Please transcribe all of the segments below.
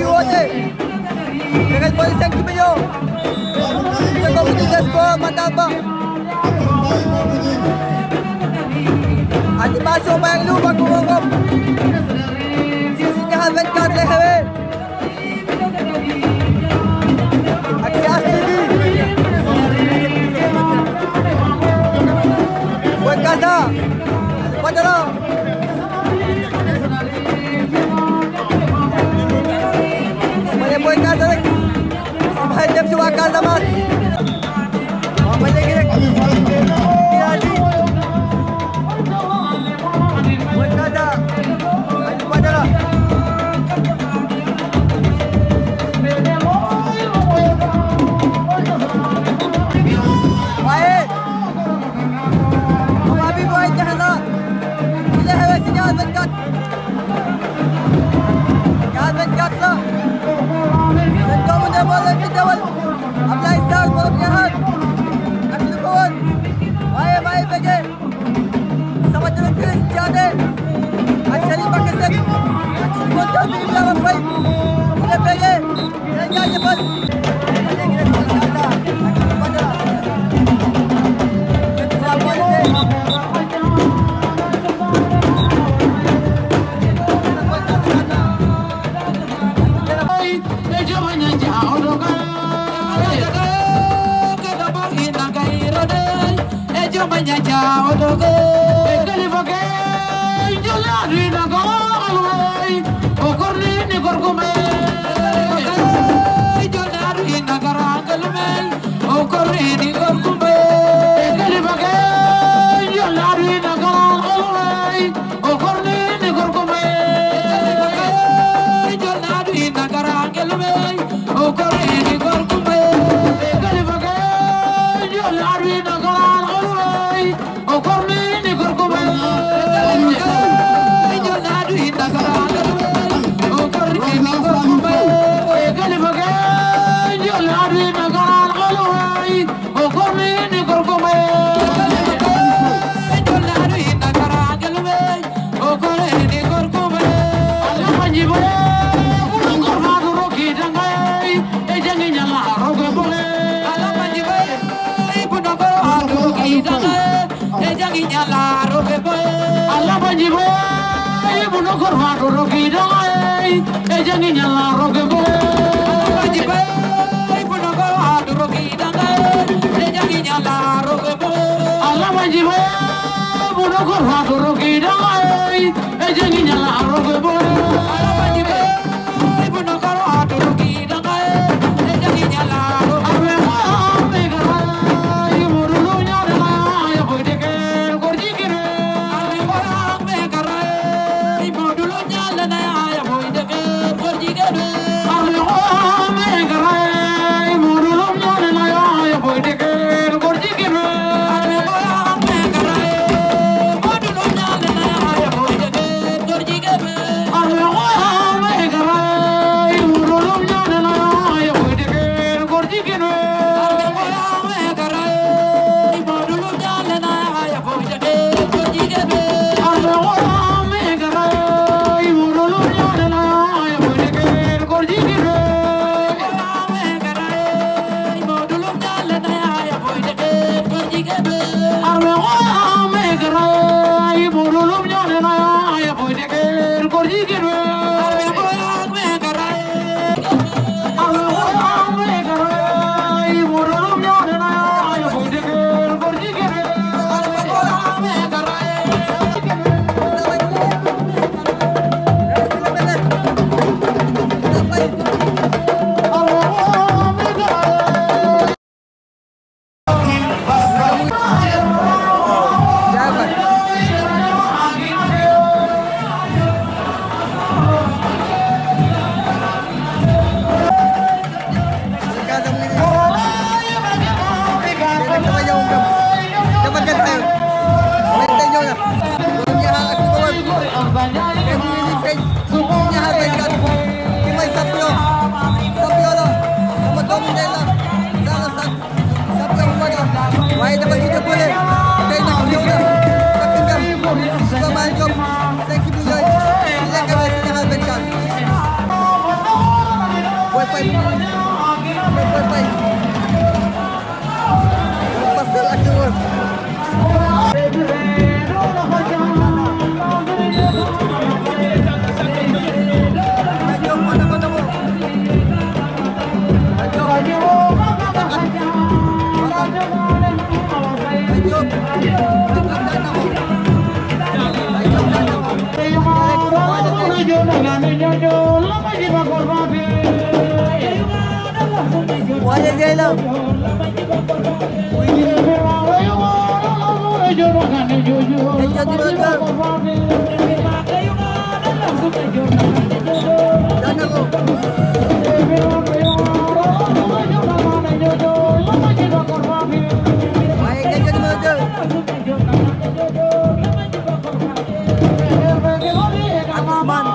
fi woote da ngay boole 5 millions te kooku di Sport Matarba animation baa ngi lu mag Carl Damas.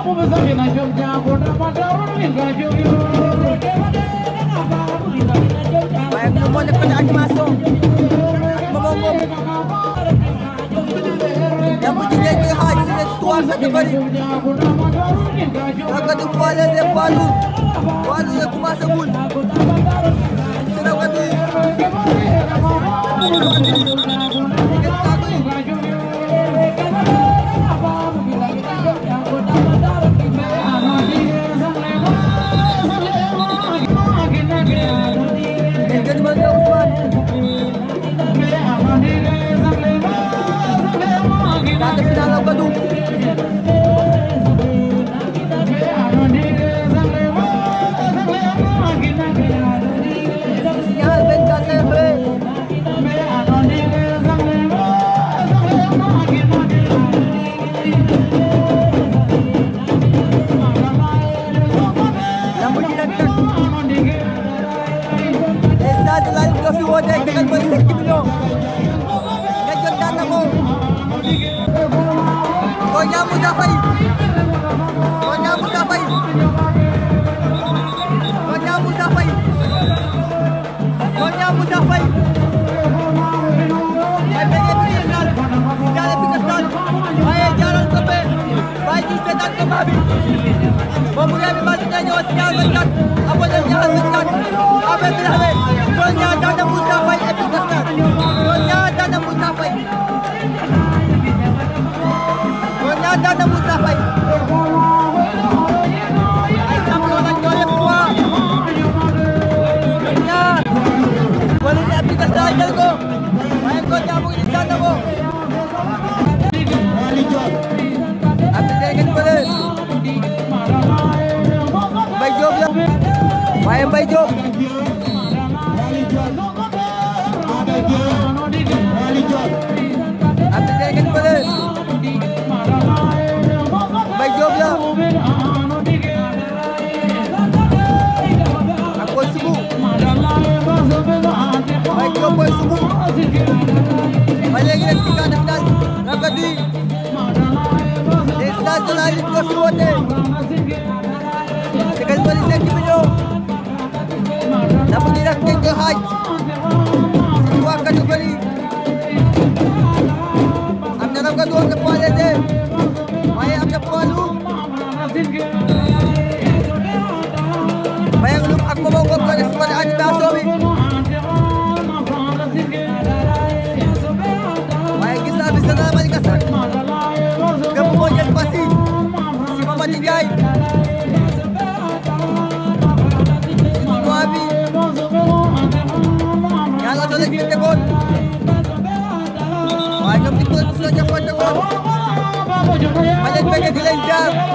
Aku bisa dinajum jago, waaye ñoom moo nekkoon ci animation moom moom yàqu jigéen ñi xaaj si ne tuwaar sa di bëri naka di xoole ne Fallou Fallou ba léegi nag Sika def na rafetlu les stations la lutte ko fi woote Ségal Mbaye cinq millions la mu di rek dañ koy xaaj bañ a bëgg di leen jaar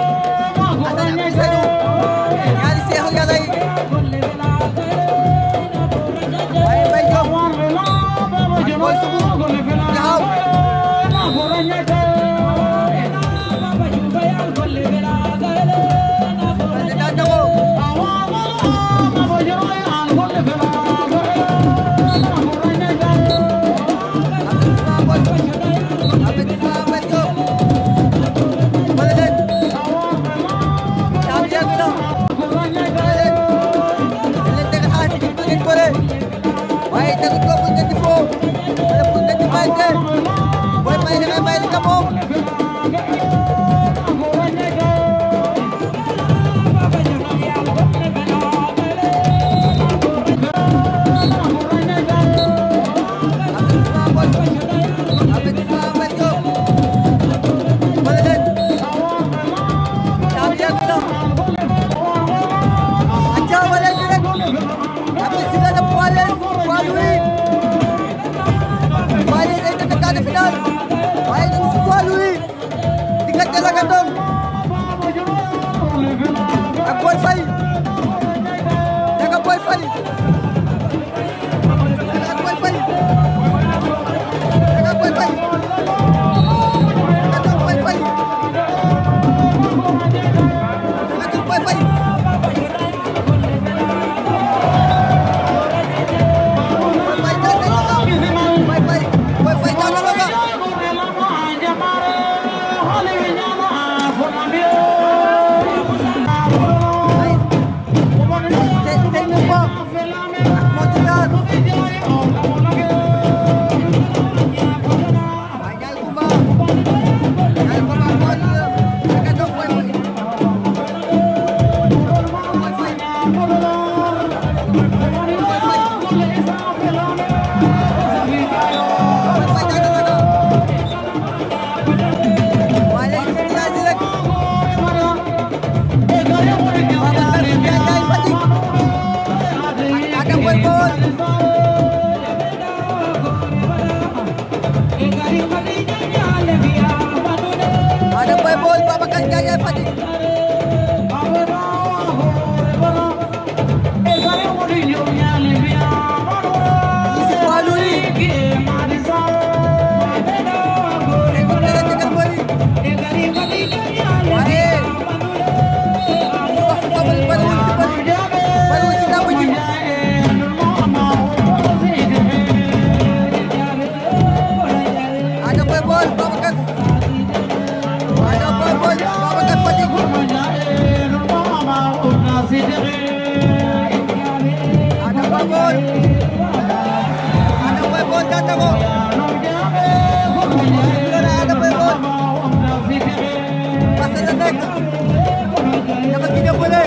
nekk dafa Guinée bële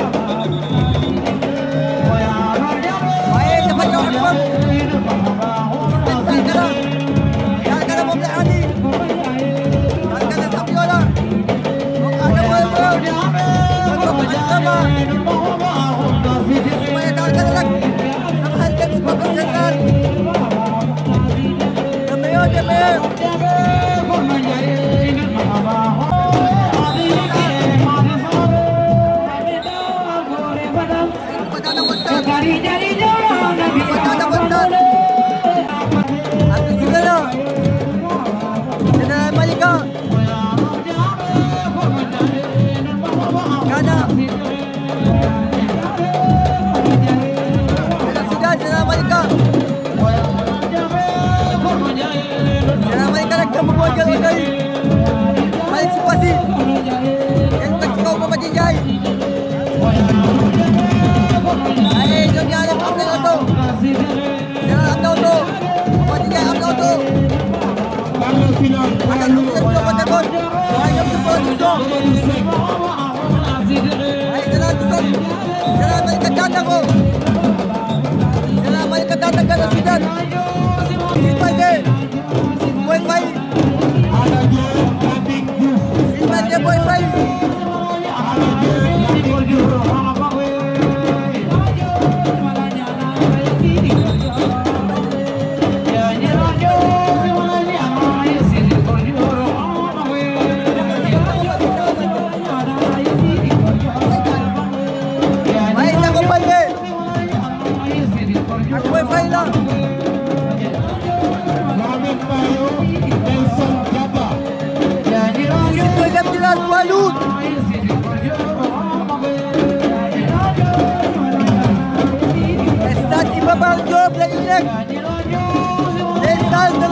waaye dafa ñëw ak fam gis nañ Garga Garga moom la andi Garga champion la moom ànd mooy mooy mooy ko ko jënd sama su ma yee Garga nag sama xarit ba ko seetaan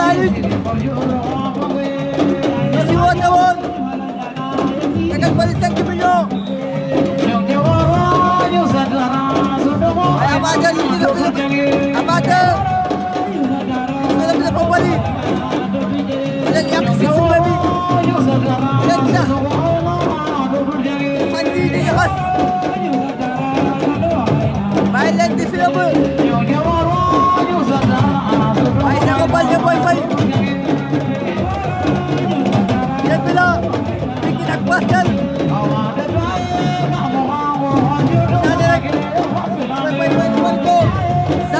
la lutte ñu si woote woon tegal bëri 5 millions. ay amateur yu ñu def lépp amateur yu ñu def lépp a bëri léegi yàq si suuna bi léegi sax fan yii di xas bàyyi leen di fi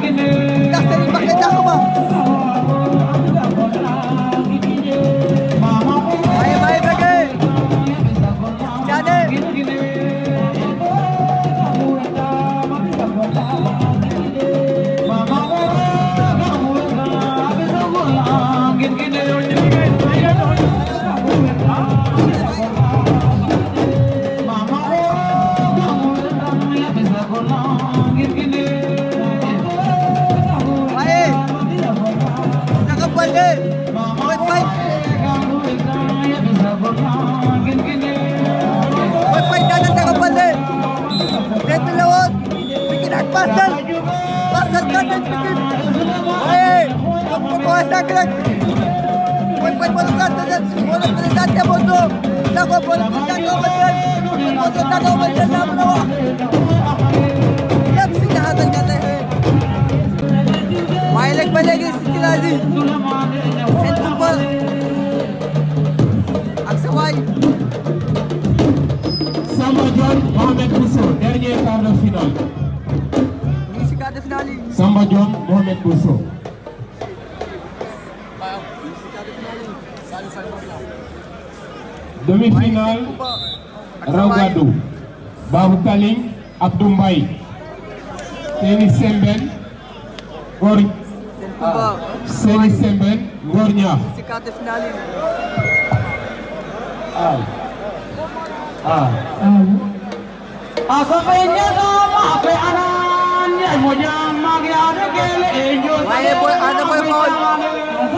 ndax Serigne Mbacké dàq ma parcelle parcelle kan lañ Pikine waaye comme comme ko waxee sànq rek mooy fay mboolu présenté moo la présenté Modou Lo Sakho moo la présenté Eumeu Sène Modou Lo Sakho Eumeu Sène laa mën a wax lépp si jaxasal nga lay xëy waaye léegi ba léegi si ci laaj yi seen football ak sa waay Samba Dione Mohamed Bousso dernier quart de finale Demi-final Raugado Bahu Kaling Abdou Mbaye Seni Semben Ngor Seni Semben Ah. Ah. Ah Ah Ah Ah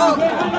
Go, go, go.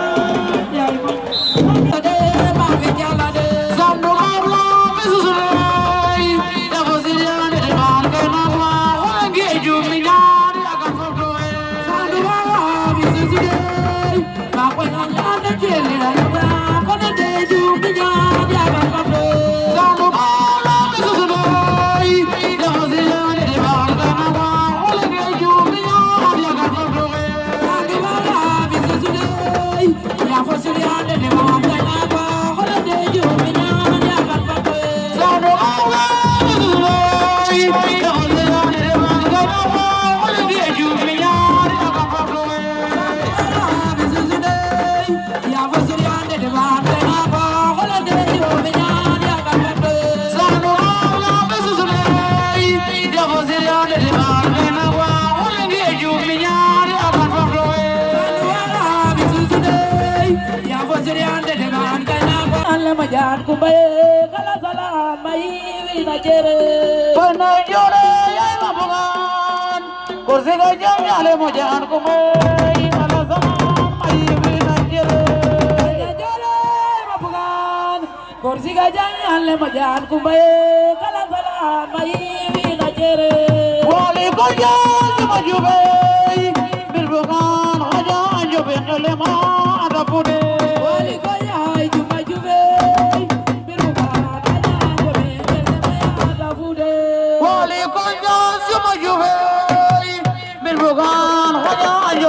ala jami ala mo jan ko mai ala zaman mai bi na jere jere mabugan korsi ga jami ala mo jan ko mai kala kala mai bi na jere wali ko jan mo jube bil bugan ala jube ala ma ada pune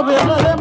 meu amor.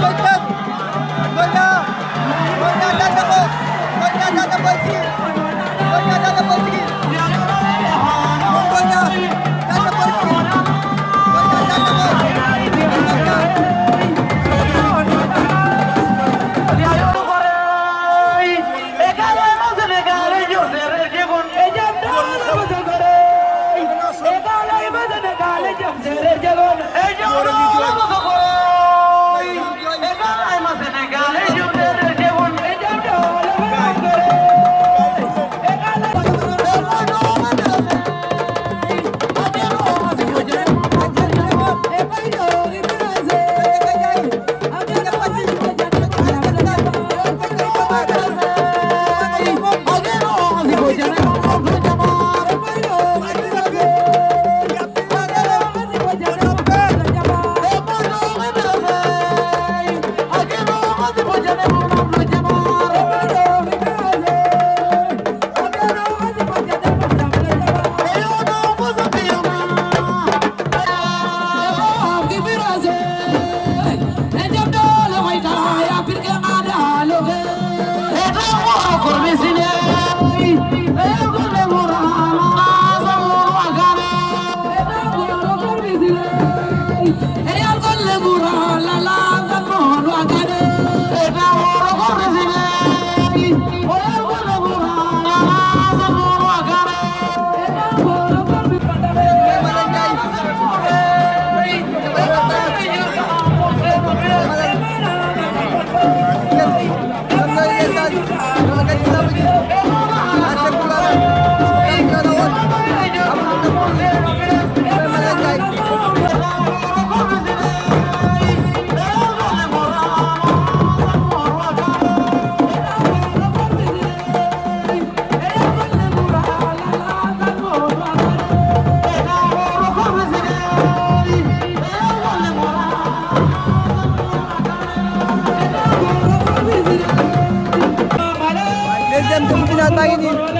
Look Sayın İl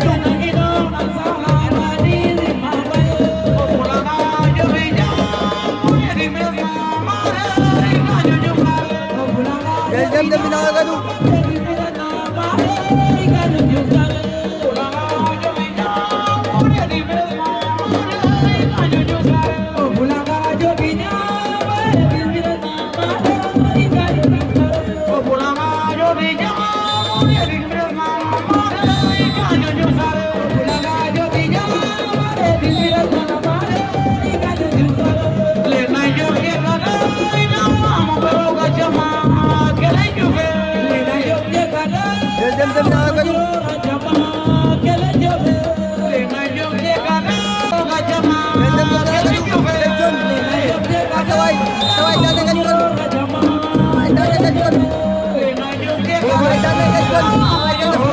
Don't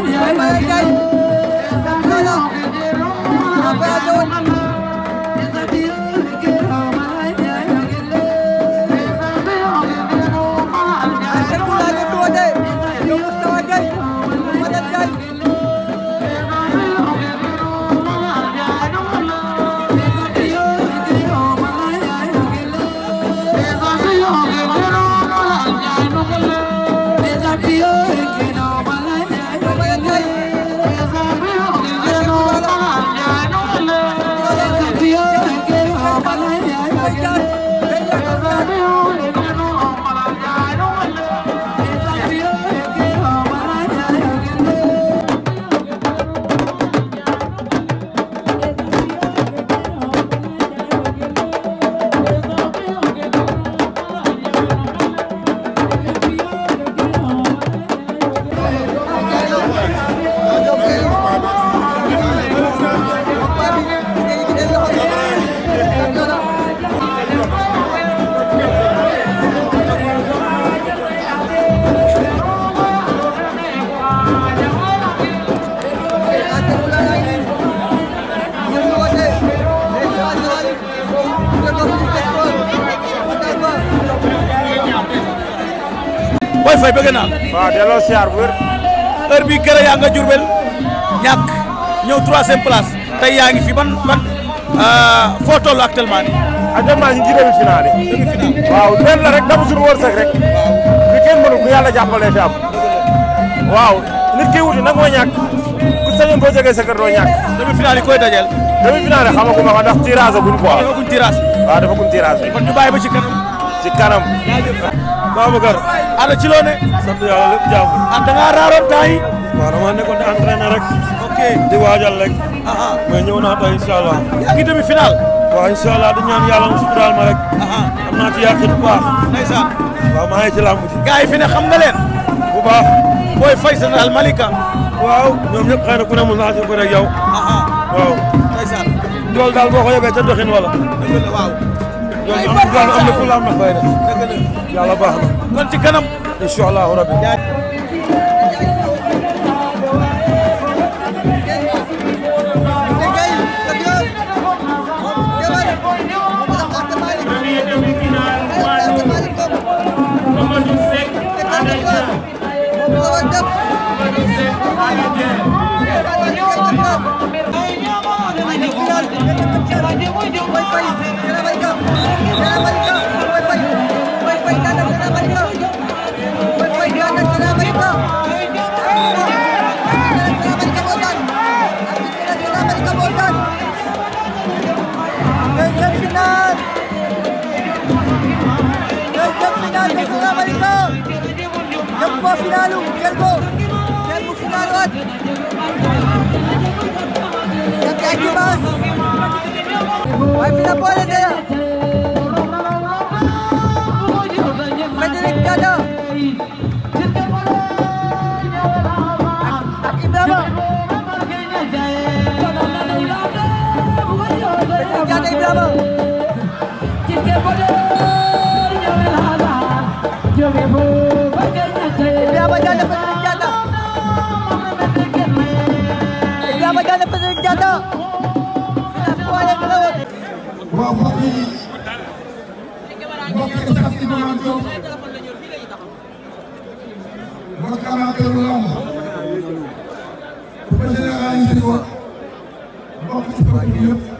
Bye, guys. Bye, guys. Go, Ndiaye bëgg naa. waaw delloo siyaar bu wér. heure bii kër yaa nga Diourbel ñàkk ñëw troisième place tey yaa ngi fi ban ban eh, foo toll actuellement nii. actuellement ñu ngi demi finale. demi finale waaw benn la rek dafa suñu wërsëg rek. fi kenn mënu ko yàlla jàppalee fi am. waaw nit ki wuti nag moo ñàkk ku sañoon boo jógee sa kër doo ñàkk. demi finale koy dajeel. demi finale xamaguma ko ndax tirage guñ quoi. dafaguñ tirage bi. waaw dafaguñ tirage kon ñu bàyyi ba ci kanam. ci kanam. Babacar ana ci loo ne. sant yàlla lépp jàmm. ah da ngaa raaroon temps yi. waaw dama nekkoon di entraîné rek. ok di waajal rek. Ah, ah. mais ñëw naa tey incha allah. yaa ngi demi final. waaw allah di ñaan yàlla mu suturaal ma rek. Ah, am naa ci yàqin bu baax. ndeysaan. waaw maa ngi ci làmb ji. gars fi ne xam nga leen. baax. booy fay général Malika. waaw ñoom ñëpp xëy na ku ne mën naa si bëre ak yow. waaw. ndeysaan. loolu daal boo ko yóbbee ca doxin wala. dëgg la waaw. loolu am na fulaam na fayda. dëgg yàlla baax na. kon ci kanam. incha allahu rabi. What do you demás. Vai virar boa, Dedé. Vai delicada. Aqui, Brava. Delicada aí, Brava. Que que é yi mbokk staff bi Ibrahima Diop mbokk amateur lamb bu ko généraliser ko mbokk sportif yëpp